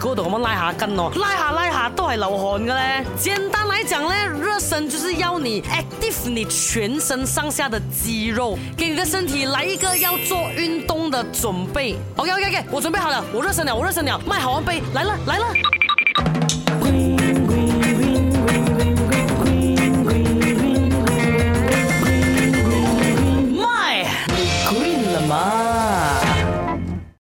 嗰度咁樣拉下筋咯，拉下拉下都係流汗嘅咧。簡單嚟講咧，熱身就是要你 active 你全身上下的肌肉，給你的身體來一個要做運動的準備。OK OK OK，我準備好了，我熱身了，我熱身了，邁好萬背，來了來了。